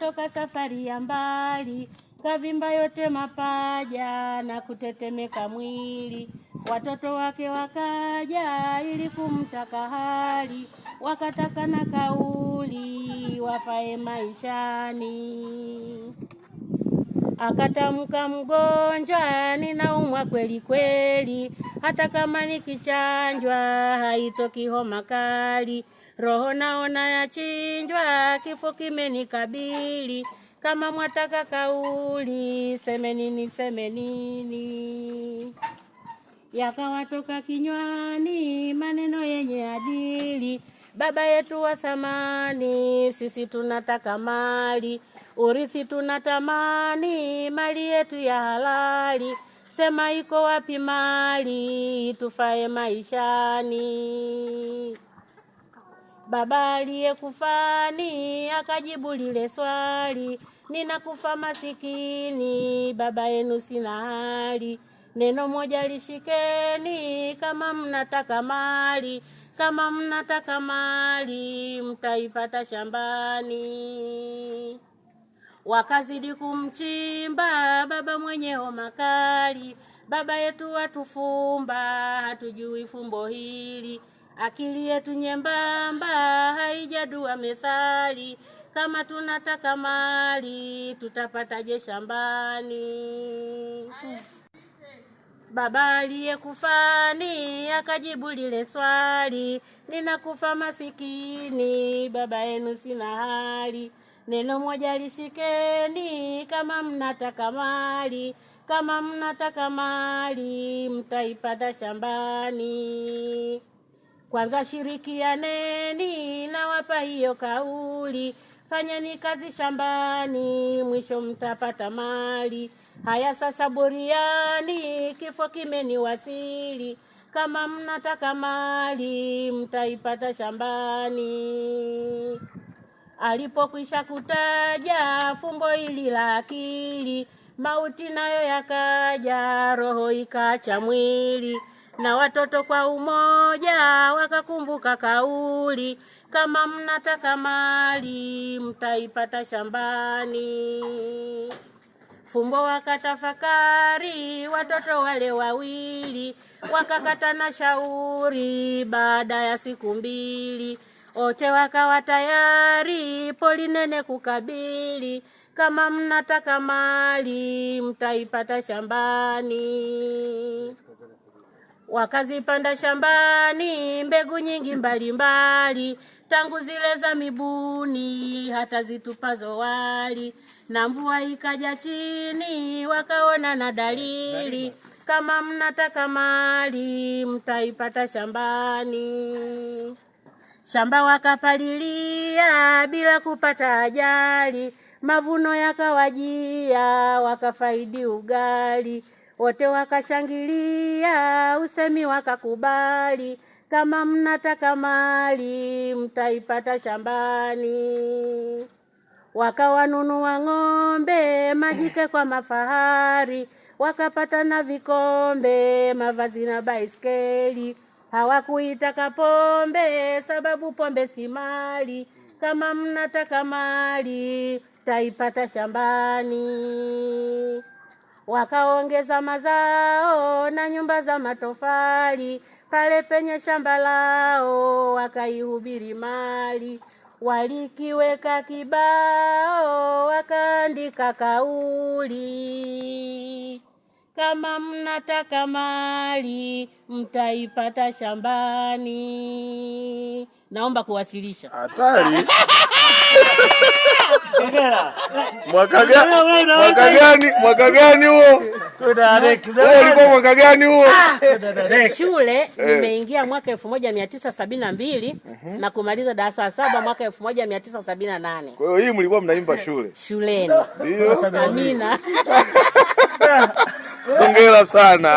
Toka safari ya mbali, kavimba yote mapaja na kutetemeka mwili. Watoto wake wakaja ili kumtaka hali, wakataka na kauli wafae maishani. Akatamka mgonjwa, ninaumwa kweli kweli, hata kama nikichanjwa haitoki homa kali roho naona yachinjwa, kifo kimenikabili. Kama mwataka kauli, semenini semenini. Yakawatoka kinywani maneno yenye adili, baba yetu wa thamani, sisi tunataka mali urithi tunatamani, mali yetu ya halali. Sema iko wapi mali tufae maishani? Baba aliyekufani akajibu lile swali, ninakufa masikini, baba yenu sina hali. Neno moja lishikeni, kama mnataka mali, kama mnataka mali mtaipata shambani. Wakazidi kumchimba baba mwenye makali baba yetu watufumba, hatujui fumbo hili Akili yetu nyembamba haijadua methali, kama tunataka mali tutapataje shambani? Baba aliyekufani akajibu lile swali, ninakufa masikini, baba yenu sina hali. Neno moja lishikeni, kama mnataka mali, kama mnataka mali mtaipata shambani. Kwanza shirikianeni, nawapa hiyo kauli. Fanyeni kazi shambani, mwisho mtapata mali. Haya sasa buriani, kifo kimeniwasili. Kama mnataka mali, mtaipata shambani. Alipokwisha kutaja fumbo hili la akili, mauti nayo yakaja, roho ikacha mwili na watoto kwa umoja wakakumbuka kauli, kama mnataka mali mtaipata shambani. Fumbo wakatafakari watoto wale wawili, wakakata na shauri baada ya siku mbili wote wakawa tayari polinene kukabili, kama mnataka mali mtaipata shambani wakazipanda shambani mbegu nyingi mbalimbali mbali, tangu zile za mibuni hata zitupazo wali, na mvua ikaja chini, wakaona na dalili, kama mnataka mali mtaipata shambani. Shamba wakapalilia bila kupata ajali, mavuno yakawajia, wakafaidi ugali wote wakashangilia, usemi wakakubali, kama mnataka mali mtaipata shambani. Wakawanunua ng'ombe majike kwa mafahari, wakapata na vikombe, mavazi na baiskeli. Hawakuitaka pombe, sababu pombe si mali. Kama mnataka mali taipata shambani wakaongeza mazao na nyumba za matofali pale penye shamba lao, wakaihubiri mali, walikiweka kibao, wakaandika kauli kama mnataka mali mtaipata shambani. Naomba kuwasilisha hatari. Mwaka gani? Mwaka gani huo? Ulikuwa mwaka gani huo? Ah, shule eh. nimeingia mwaka elfu moja mia tisa sabini na mbili na kumaliza darasa la saba mwaka elfu moja mia tisa sabini na nane. Kwa hiyo hii mlikuwa mnaimba eh, shule? Shuleni. Amina. Hongera sana.